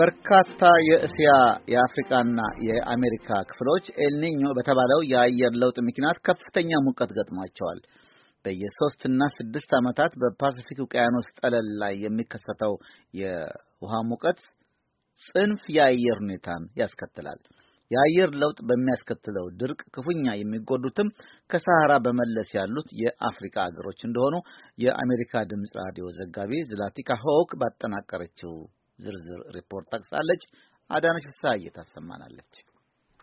በርካታ የእስያ የአፍሪካና የአሜሪካ ክፍሎች ኤልኒኞ በተባለው የአየር ለውጥ ምክንያት ከፍተኛ ሙቀት ገጥሟቸዋል። በየሶስትና ስድስት ዓመታት በፓሲፊክ ውቅያኖስ ጠለል ላይ የሚከሰተው የውሃ ሙቀት ጽንፍ የአየር ሁኔታን ያስከትላል። የአየር ለውጥ በሚያስከትለው ድርቅ ክፉኛ የሚጎዱትም ከሰሃራ በመለስ ያሉት የአፍሪካ አገሮች እንደሆኑ የአሜሪካ ድምፅ ራዲዮ ዘጋቢ ዝላቲካ ሆክ ባጠናቀረችው ዝርዝር ሪፖርት ጠቅሳለች። አዳነች ፍስሐዬ ታሰማናለች።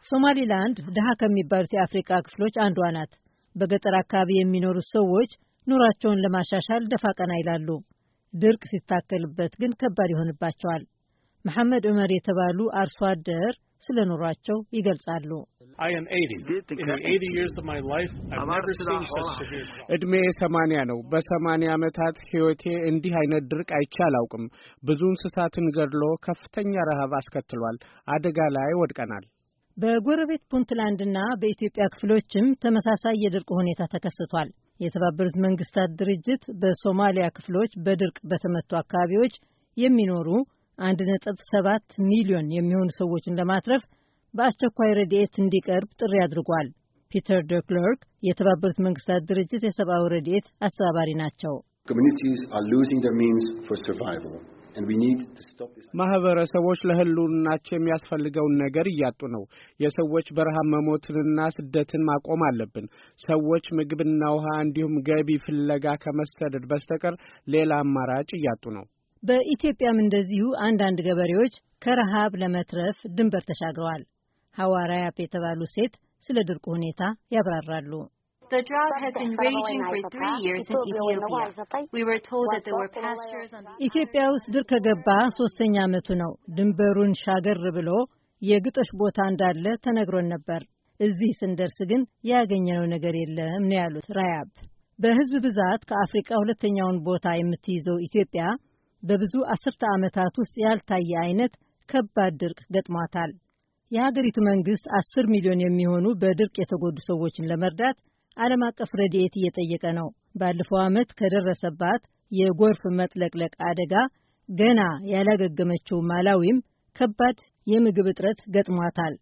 ሶማሊላንድ ድሃ ከሚባሉት የአፍሪቃ ክፍሎች አንዷ ናት። በገጠር አካባቢ የሚኖሩት ሰዎች ኑሯቸውን ለማሻሻል ደፋ ቀና ይላሉ። ድርቅ ሲታከልበት ግን ከባድ ይሆንባቸዋል። መሐመድ ዑመር የተባሉ አርሶ አደር ስለ ኑሯቸው ይገልጻሉ። እድሜ ሰማንያ ነው። በሰማንያ ዓመታት ሕይወቴ እንዲህ አይነት ድርቅ አይቼ አላውቅም። ብዙ እንስሳትን ገድሎ ከፍተኛ ረሃብ አስከትሏል። አደጋ ላይ ወድቀናል። በጎረቤት ፑንትላንድና በኢትዮጵያ ክፍሎችም ተመሳሳይ የድርቅ ሁኔታ ተከስቷል። የተባበሩት መንግስታት ድርጅት በሶማሊያ ክፍሎች በድርቅ በተመቱ አካባቢዎች የሚኖሩ 1.7 ሚሊዮን የሚሆኑ ሰዎችን ለማትረፍ በአስቸኳይ ረድኤት እንዲቀርብ ጥሪ አድርጓል። ፒተር ደ ክለርክ የተባበሩት መንግስታት ድርጅት የሰብአዊ ረድኤት አስተባባሪ ናቸው። ማህበረሰቦች ለህልውናቸው የሚያስፈልገውን ነገር እያጡ ነው። የሰዎች በረሃብ መሞትንና ስደትን ማቆም አለብን። ሰዎች ምግብና ውሃ እንዲሁም ገቢ ፍለጋ ከመሰደድ በስተቀር ሌላ አማራጭ እያጡ ነው። በኢትዮጵያም እንደዚሁ አንዳንድ ገበሬዎች ከረሃብ ለመትረፍ ድንበር ተሻግረዋል። ሐዋራያፕ የተባሉ ሴት ስለ ድርቁ ሁኔታ ያብራራሉ። ኢትዮጵያ ውስጥ ድርቅ ከገባ ሶስተኛ ዓመቱ ነው። ድንበሩን ሻገር ብሎ የግጦሽ ቦታ እንዳለ ተነግሮን ነበር። እዚህ ስንደርስ ግን ያገኘነው ነገር የለም ነው ያሉት ራያብ። በህዝብ ብዛት ከአፍሪቃ ሁለተኛውን ቦታ የምትይዘው ኢትዮጵያ በብዙ አስርተ ዓመታት ውስጥ ያልታየ አይነት ከባድ ድርቅ ገጥሟታል። የሀገሪቱ መንግስት አስር ሚሊዮን የሚሆኑ በድርቅ የተጎዱ ሰዎችን ለመርዳት ዓለም አቀፍ ረድኤት እየጠየቀ ነው። ባለፈው ዓመት ከደረሰባት የጎርፍ መጥለቅለቅ አደጋ ገና ያላገገመችው ማላዊም ከባድ የምግብ እጥረት ገጥሟታል።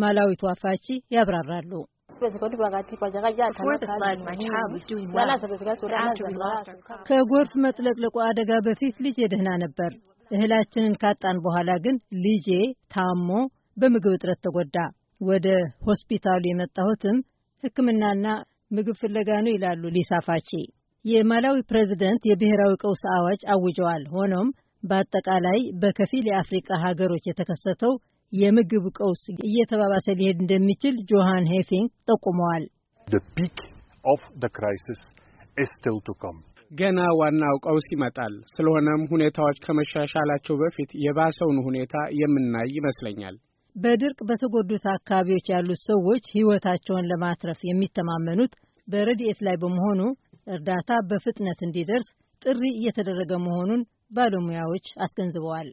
ማላዊቷ ፋቺ ያብራራሉ። ከጎርፍ መጥለቅለቁ አደጋ በፊት ልጄ ደህና ነበር። እህላችንን ካጣን በኋላ ግን ልጄ ታሞ በምግብ እጥረት ተጎዳ። ወደ ሆስፒታሉ የመጣሁትም ሕክምናና ምግብ ፍለጋ ነው ይላሉ ሊሳ ፋቺ። የማላዊ ፕሬዚደንት የብሔራዊ ቀውስ አዋጅ አውጀዋል። ሆኖም በአጠቃላይ በከፊል የአፍሪቃ ሀገሮች የተከሰተው የምግብ ቀውስ እየተባባሰ ሊሄድ እንደሚችል ጆሃን ሄፊንግ ጠቁመዋል። ገና ዋናው ቀውስ ይመጣል። ስለሆነም ሁኔታዎች ከመሻሻላቸው በፊት የባሰውን ሁኔታ የምናይ ይመስለኛል። በድርቅ በተጎዱት አካባቢዎች ያሉት ሰዎች ሕይወታቸውን ለማትረፍ የሚተማመኑት በረድኤት ላይ በመሆኑ እርዳታ በፍጥነት እንዲደርስ ጥሪ እየተደረገ መሆኑን ባለሙያዎች አስገንዝበዋል።